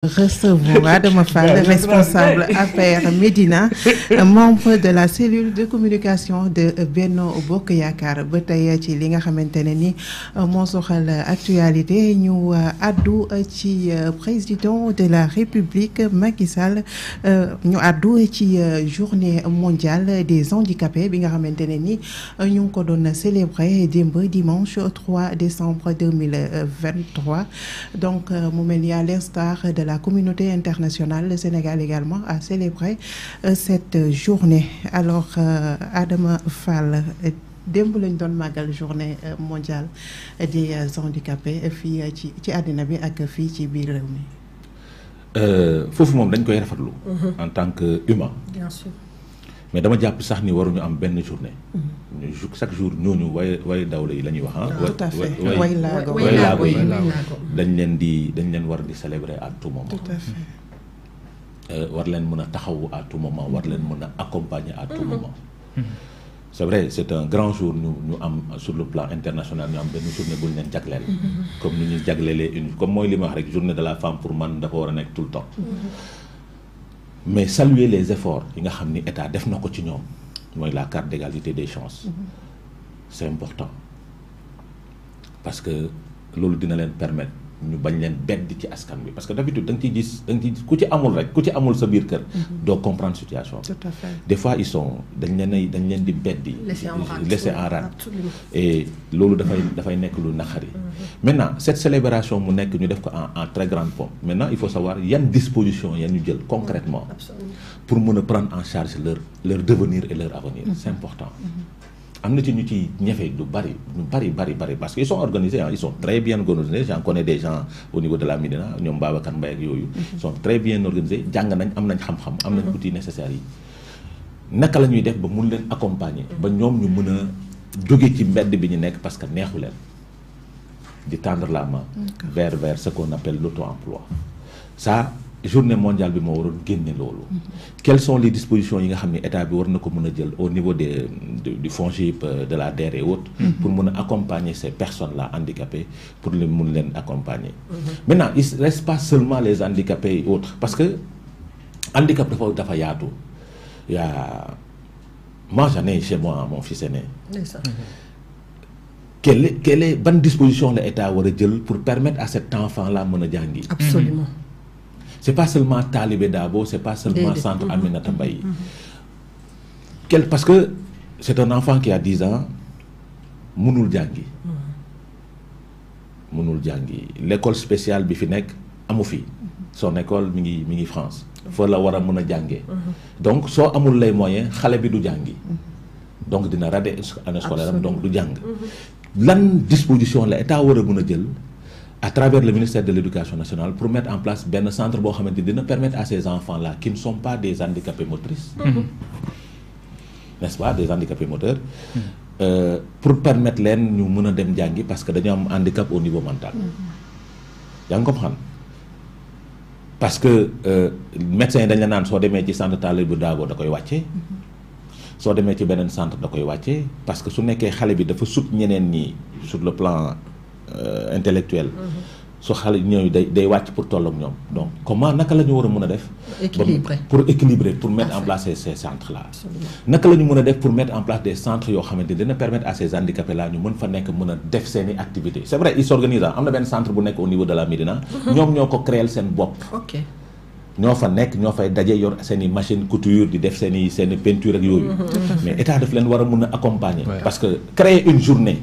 de Adama Fall, responsable affaires Médina, membre de la cellule de communication de Beno Bokayakar, Bataille ba tey ci li nga xamantene ni euh, moo soxal actualité ñu euh, addu euh, ci président de la République Macky Sall ñu addu ci journée mondiale des handicapés bi nga xamantene ni ñu ko dimanche 3 décembre 2023 donc mu mel l'instar de la communauté internationale. Le Sénégal également a célébré euh, cette journée. Alors, euh, Adama Fall, démb lañ doon journée euh, mondiale des handicapés et ci ci àddina bi ak fii ci biir réew mi. foofu moom koy mm-hmm. en tant qu'humain. bien sûr. mais dama japp sax ni waruñu am benn journée mhm. chaque jour ñooñu way way dawle yi lañuy wax ah way laago way laago yi dañ leen di dañ leen war di célébrer à tout moment tout à fait euh, war leen mën a taxawu à tout moment war leen mën a accompagner à tout mhm. moment mhm. c'est vrai c'est un grand jour ñu ñu am sur le plan international ñu am benn journée buñ leen jagleel comme ni ñu jaglelee une comme mooy li wax rek journée de la femme pour man dafa war a tout le temps mais saluer les efforts yi nga xamni état def nako ci la carte d'égalité des chances mm-hmm. c'est important parce que lolu dina leen permettre nous bañ leen bedd ci askan bi parce que d'habitude da nga ciy gis da nga ciy gis ku ci amul rek ku ci amul sa biir la mm-hmm. comprendre situation tout à fait des fois ils sont dañ leen ay dañ leen di beddi. laisser en rade et loolu dafay dafay nekk lu nakhari mm-hmm. maintenant cette célébration mu nekk ñu def ko en en très grande pompe maintenant il faut savoir yan disposition a ñu jël concrètement mm-hmm. pour mën prendre en charge leur leur devenir et leur avenir c'est important. Amener ci du parce qu'ils sont organisés hein. ils sont très bien organisés j'en connais des gens au niveau de la mine, Ils Babacar très mm-hmm. ils sont très bien organisés jàng nañ am xam-xam. Mm-hmm. def ba leen accompagner. ba ñoom ñu mën a ci mbedd bi ñu nekk parce que neexu leen di la main. Mm-hmm. vers vers ce qu'on appelle l'auto-emploi ça journée mondiale bi mo quelles sont les dispositions yi nga état au niveau des du FONGIP euh, de la DER et autres. Mm-hmm. pour accompagner ces personnes là handicapées pour les accompagner. Mm-hmm. maintenant il ne reste pas seulement les handicapés et autres parce que handicap dafa dafa moi j'en ai chez moi mon fils aîné. Mm-hmm. quelle est quelle est bonne disposition l'état état pour permettre à cet enfant là mëna jangi absolument c'est pas seulement Talibé Dabo, c'est pas seulement Centre mm-hmm. Aminata Mbaye. Mm-hmm. Parce que c'est un enfant qui a 10 ans, Mounoul Djangi. Mounoul Djangi. L'école spéciale Bifinek, Amoufi. Mm-hmm. Son école, Mini, mingi France. Faut la wara mouna Djangé. Donc, si on les moyens, Khalebi du Djangi. Donc, il radé année scolaire, donc du Djang. Quelle disposition, l'État a wara mouna Djangi à travers le ministère de l'Éducation nationale pour mettre en place un centre boo de ne dina permettre à ces enfants-là qui ne sont pas des handicapés motrices. n'est-ce pas des handicapés moteurs. Mm-hmm. Euh, pour permettre les nous de a dem parce que dañu am handicap au niveau mental. Vous mm-hmm. ngi xam parce que médecins euh, médecin dañ la des métiers demee ci centre Talibou Dabo da koy métiers mm-hmm. soo demee ci beneen centre da koy parce que su n'est xale bi dafa soutenir ñeneen ni sur le plan. Euh, intellectuels su xale des day day pour donc comment naka la ñu pour équilibrer pour mettre en place ces centres là. naka la ñu pour mettre en place des centres qui de ne permettre à ces handicapés là ñu mën fa activités c'est vrai ils s'organisent organisent hein. ben centre bu au niveau de la Médina. Mhm. ñoom ñoo ko créel seen bopp. ok ñoo fa nekk ñoo fay daje yor machine couture des def peinture ak mhm. mais état daf leen accompagner. parce que créer une journée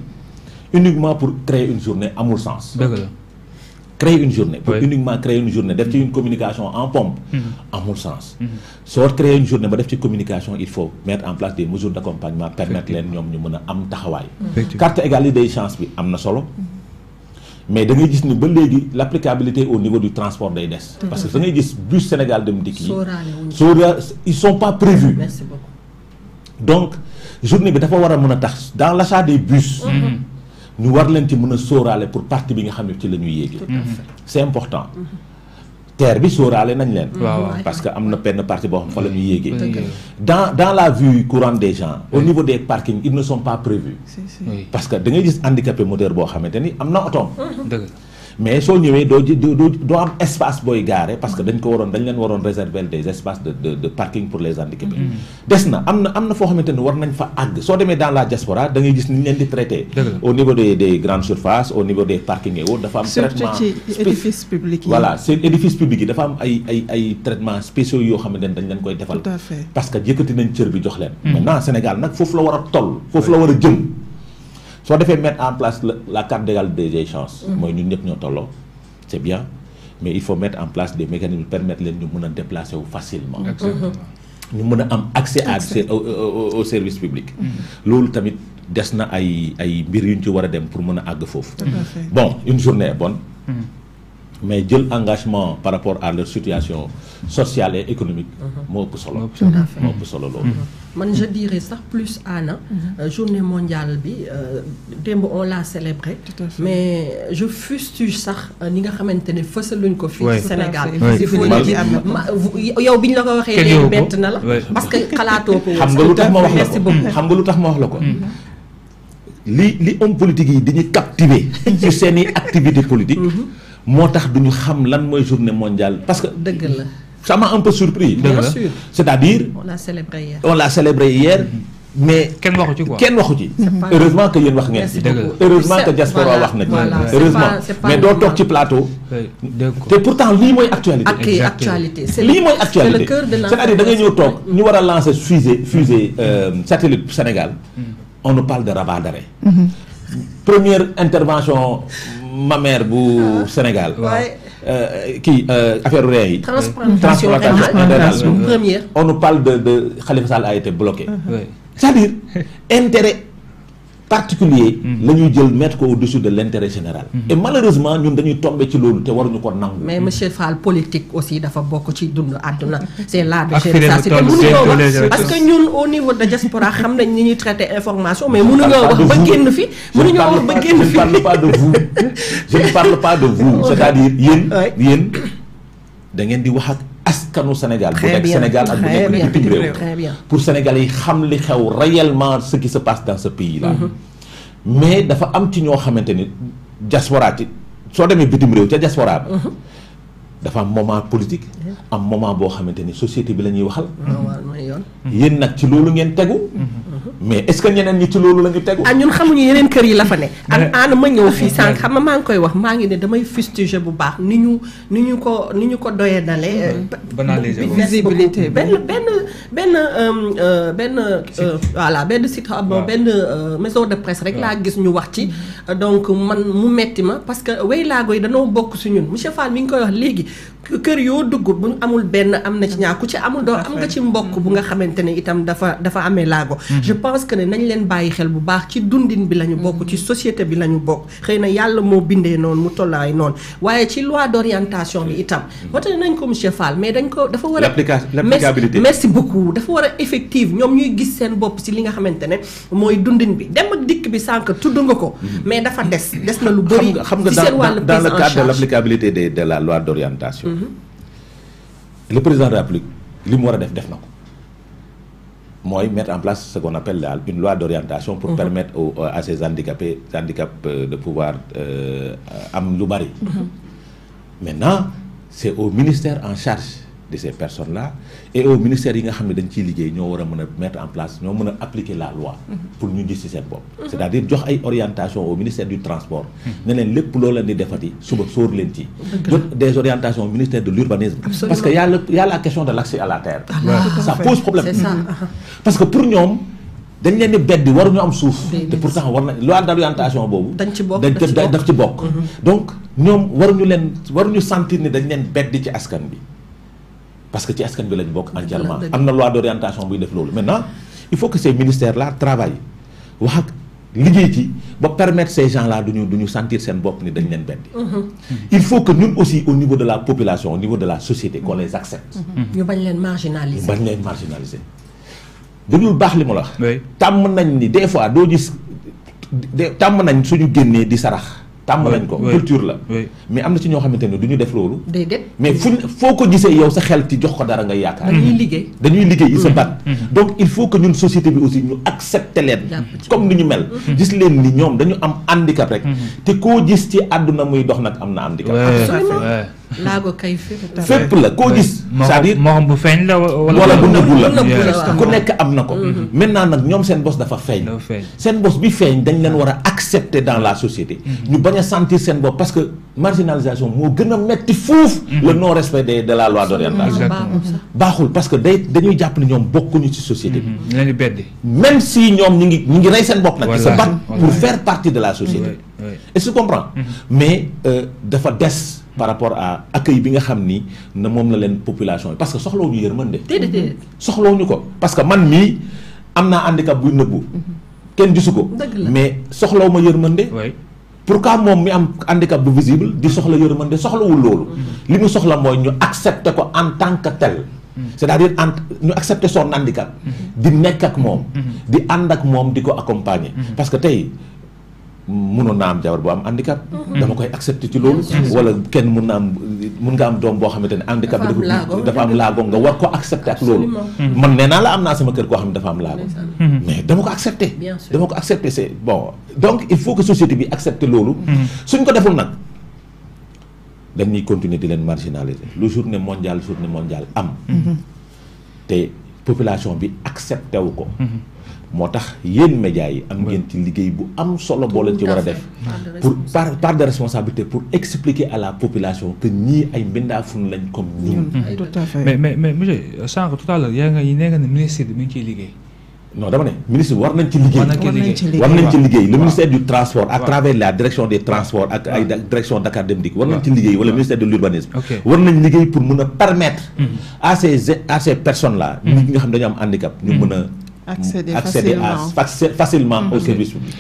uniquement pour créer une journée à mon sens. créer une journée pour uniquement créer une journée d'être une communication en pompe mon mhm. sens mhm. sort créer une journée mais une communication il faut mettre en place des mesures d'accompagnement permettre les gens de en am taxaway carte égalité des chances mais amna mhm. mais da ni ba l'applicabilité au niveau du transport des des parce que da bus Sénégal de midi yi ils sont pas prévus donc journée bi dafa wara dans l'achat des bus nous war leen ci mën pour partie bi la mm-hmm. c'est important mm-hmm. terre bi sóoraale nañ mm-hmm. parce que y a une peine de partir pour la nuit. dans la vue courante des gens au niveau des parkings ils ne sont pas prévus parce que les handicapés gis handicapé moderne, boo xamante ni mais soo ñëwee doo doo doo am espace booy gaare parce que dañ ko waroon dañ leen waroon réserver des espaces de de parking pour les handicapés. Mm-hmm. des na am na ne war nañ fa demee dans la leen di traité. au niveau des des grandes surfaces au niveau des parkings et autres xamante ne dañ leen koy defal. tout à que yëkkati nañ cër bi jox leen. Mm-hmm. maintenant Sénégal nag foofu la war a toll foofu la war a jëm. Soit de faire mettre en place la carte d'égalité des chances mm. c'est bien mais il faut mettre en place des mécanismes permettre que ñu mën déplacer facilement Nous mm-hmm. mën avoir accès à au service public mm. loolu tamit des ay ay mbir yuñ ci pour mëna ag bon une journée est bonne mm mais jël engagement par rapport à leur situation sociale et économique mhm. moo ëpp solo moo ëpp solo mhm. man je dirais sax plus ana mhm. euh, journée mondiale bi euh, démb on l'a célébré mais je fustige sax euh, ni nga xamante ne luñ ko au Sénégal il faut yow biñ la ko waxee léegi bett na la parce que xalaatoo ko xam nga lu tax ma wax ko xam nga lu tax ma wax la ko li li homme politique yi di ñu captiver sur seen activité politique moo duñu xam lan moy journée mondiale parce que. la ça m'a un peu surpris. bien sûr c'est-à-dire. on l'a célébré hier. on l'a célébré hier. mais ken waxu ci quoi ken waxu ci. heureusement que yéen wax ngeen heureusement que diaspora wax na heureusement mais do toog ci plateau. et pourtant lii moy actualité. actualité actualité. c'est-à-dire da ngay ñeu tok ñu wara lancer fusée fusée mm-hmm. euh, satellite Sénégal. Mm-hmm. on nous parle de rabat d'arrêt. Mm-hmm. première intervention. Ma mère au ah. Sénégal. qui a fait le on nous parle de de Khalifa Sall a été bloqué. Ah. c'est-à-dire intérêt. particulier mm-hmm. la ñuy jël mettre ko au-dessus de l'intérêt général mm-hmm. et malheureusement ñun dañuy tomber ci loolu te nous ko nangu mais monsieur Fall politique aussi dafa beaucoup ci dund àdduna c'est là de gérer ça mënuñoo parce que nous, au niveau de diaspora xam nañ ni ñuy traité information mais nous wax ba génn fi mënuñoo ba génn fi je ne parle pas de vous je ne parle pas de vous c'est-à-dire yéen yéen da ngeen di wax askanu Sénégal bu nekk bi ak bu bitim réew pour Sénégalais yi xam li xew réellement ce qui se passe dans ce pays là mhm. mais dafa am ci ñoo xamante ni diaspora ci soo demee bitim réew ca diaspora ba mhm. dafa am moment politique am moment boo xamante ni société bi la ñuy waxal mhm. yéen nag ci loolu ngeen tegu mais est-ce que ñeneen ñi ci loolu la ñu tegu. ah ñun xamuñu yeneen kër yi la fa ne. an an ma ñëw fii sànq xam maa ngi koy wax maa ngi ne damay fustiger bu baax ni ñu ni ñu ko ni ñu ko doyee dalee. Euh, banaliser visibilité benn benn benn euh, benn. Euh, voilà benn site ah, benn maison de presse rek laa gis ñu wax ci. donc man mu metti ma parce que way laago yi danoo bokk su ñun monsieur Fall mi ngi koy wax léegi kër yoo dugg bu amul benn am na ci ñaar ku ci amul doo am nga ci mbokk bu nga mm. xamante ne itam dafa dafa amee laago. Mm-hmm. pense que ne nañ leen bàyyi xel bu baax ci dundin bi la ñu bokk ci société bi la ñu bokk xëy na yàlla moo bindee noonu mu tollaay noonu waaye ci loi d'orientation bi itam voté nañ ko monsieur Fall mais dañ ko dafa war a merci beaucoup dafa war a effective ñoom ñuy gis seen bopp si li nga xamante ne mooy dundin bi dem ak dikk bi sànq tudd nga ko mm-hmm. mais dafa des des na lu bëri xam nga dans le cadre de l'applicabilité de de la loi d'orientation mm-hmm. lu président République li mu war a def def na ko Moi mettre en place ce qu'on appelle une loi d'orientation pour mhm. permettre euh, à ces handicapés handicap euh, de pouvoir euh, am mhm. maintenant c'est au ministère en charge de ces personnes là et au ministère yi nga xamné dañ ci liggéey ñoo wara mëna mettre en place ñoo mëna appliquer la loi pour ñu gis ci mhm. c'est-à-dire jox ay orientation au ministère du transport mhm. ne leen le loo leen di defati suba sóor leen ci des orientations au ministère de l'urbanisme parce que y a la question de l'accès à la terre ah, ça pose problème mhm. ah, ah. parce que pour ñom dañ leen di war ñu am suuf te pourtant war na loi d'orientation boobu dañ ci bokk daf ci bokk donc ñoom waruñu leen waruñu sentir ni dañ leen bedd ci askan bi parce que ci askan bi lañ bok entièrement am na loi d'orientation buy def lolu maintenant il faut que ces ministères là travaillent wax ak liggéey ci ba permettre ces gens là duñu duñu sentir sen bopp ni dañ leen beddi il faut que nous aussi au niveau de la population au niveau de la société qu'on les accepte ñu bañ leen marginaliser bañ leen marginaliser déglul bax li mo la wax tam nañ ni des fois do gis tam nañ suñu génnee di sarax tàmm nañ ko culture la mais amna ci ñoo xamanteni duñu def loolu mais fu foo ko gisee yow sa xel ci jox ko dara nga yaakaar dañuy liggéey dañuy liggéey ils se mm-hmm. battent mm-hmm. donc il faut que ñun société bi aussi ñu accepter leen comme ni ñu mel mm-hmm. gis leen ni ñoom dañu am handicap rek te ko gis ci aduna muy dox nak amna handicap absolument laago kay fépp. fépp la koo gis. c'est-à-dire moo xam bu feeñ la wala bu nëbbu la ku nekk am na ko. Mm-hmm. maintenant nag ñoom seen bos dafa feeñ. seen bos bi feeñ dañ leen war a accepter dans la société. Mm-hmm. ñu bañ a sentir seen bopp parce que marginalisation moo gën a metti fuuf. Mm-hmm. le non respect de de la loi d'orientation. baaxul parce que day dañuy jàpp ne ñoom bokkuñu ci société bi. ñu même si ñoom ñu ngi ñu ngi rey seen bopp nag. se battre pour faire partie de la société. est-ce que tu comprends mais euh, dafa des. par rapport à accueil bi nga xamni na mom la len population parce que soxlo ñu yërmande. déedéet soxlawu ñu ko parce que man mi amna handicap bu neubou mm-hmm. kenn gisuko mais soxlo ma yërmande. pourquoi mom mi am handicap bu visible di soxla yërmande soxlawul loolu. Mm-hmm. li mu soxla moy ñu accepter ko en tant que tel. Mm-hmm. c'est-à-dire ñu accepter son handicap. di nekk ak mom di and ak mom di ko accompagner. parce que tay mënu na am jabar bu am handicap. Mhm. dama koy accepter ci lool wala kenn mënu na am mën nga am doom bo xamné tane handicap dafa dafa am lago nga war ko accepter ak lool mhm. man néna la am sama kër ko xamné dafa am lago mhm. mais dama ko accepter dama ko accepter c'est bon donc il faut que société bi accepter lool suñ ko deful dañ ni continuer di len marginaliser journée journée mondial am. té population bi accepter wu ko. motax yeen media yi am ngeen ci liguey bu am solo boo leen ci wara def pour par par de responsabilité pour expliquer à la population que ni ay mbinda mbindaafun lañ comme ñun mm-hmm. mais mais mais monsieur sànq tout à l'heure yaa nga nee nga ne ministre bi mu ngi non dama ne ministre war nañ ci liguey war nañ ci liguey le ministère du transport à travers la direction des transports ak ay direction Dakar Dem Dikk war nañ ci liguey wala ministère de l'urbanisme war nañ liguey pour mën permettre mm-hmm. à ces à ces personnes là mm-hmm. ñi nga xam dañu am handicap ñu mën accéder, facilement, à, facilement mm-hmm. au service public.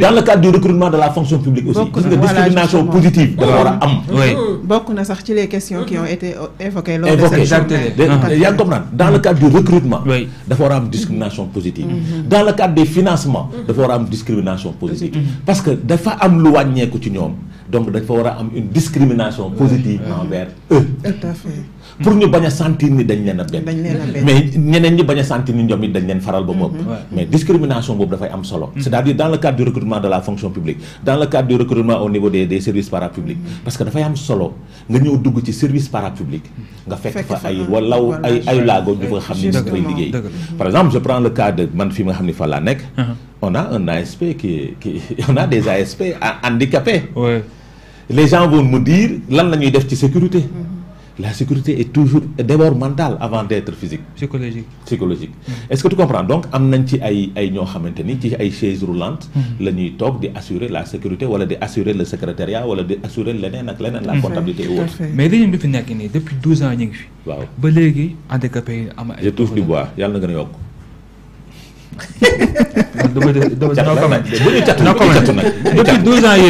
Dans le cadre du recrutement de la fonction publique aussi, a une discrimination positive Il y a mm-hmm. Beaucoup de sorti les questions qui mm-hmm. ont été évoquées lors de cette journée. Dans le cadre du recrutement, il y avoir une discrimination positive. Dans le cadre des financements, avoir une discrimination positive. Parce que des fois, loi de l'économie, Donc, il avoir une discrimination positive envers eux. Tout à fait. pour ñu baña sentir ni dañ leena ben mais ñeneen ñi baña sentir ni ñom it dañ leen faral ba mu mhm. mais discrimination bobu da fay am solo c'est mhm. à dire dans le cadre du recrutement de la fonction publique dans le cadre du recrutement au niveau des des services parapublics mhm. parce que da fay am solo nga ñeu dugg ci service parapublic nga fekk fa ay walaw ay ay lago ñu fa xam ni dañ koy liggéey par exemple je prends le cas de man fi ma xam ni fa la nek on a un ASP qui, qui on a des ASP handicapés ouais. les gens vont me dire lan lañuy def ci sécurité mm -hmm. la sécurité est toujours d'abord mentale avant d'être physique. psychologique psychologique. Mm. est-ce que tu comprends donc am nañ ci ay ay ñoo xamante ci ay chaise roulante. Mm. la ñuy di assurer la sécurité wala di assurer le secrétariat wala di assurer l'année ak la comptabilité ou autre. mais régime bi fi nekk nii depuis 12 ans ñu ngi fi. waaw ba léegi handicapé am ay. je touche du bois Il y gën a yokk. dama dama dama dama dama dama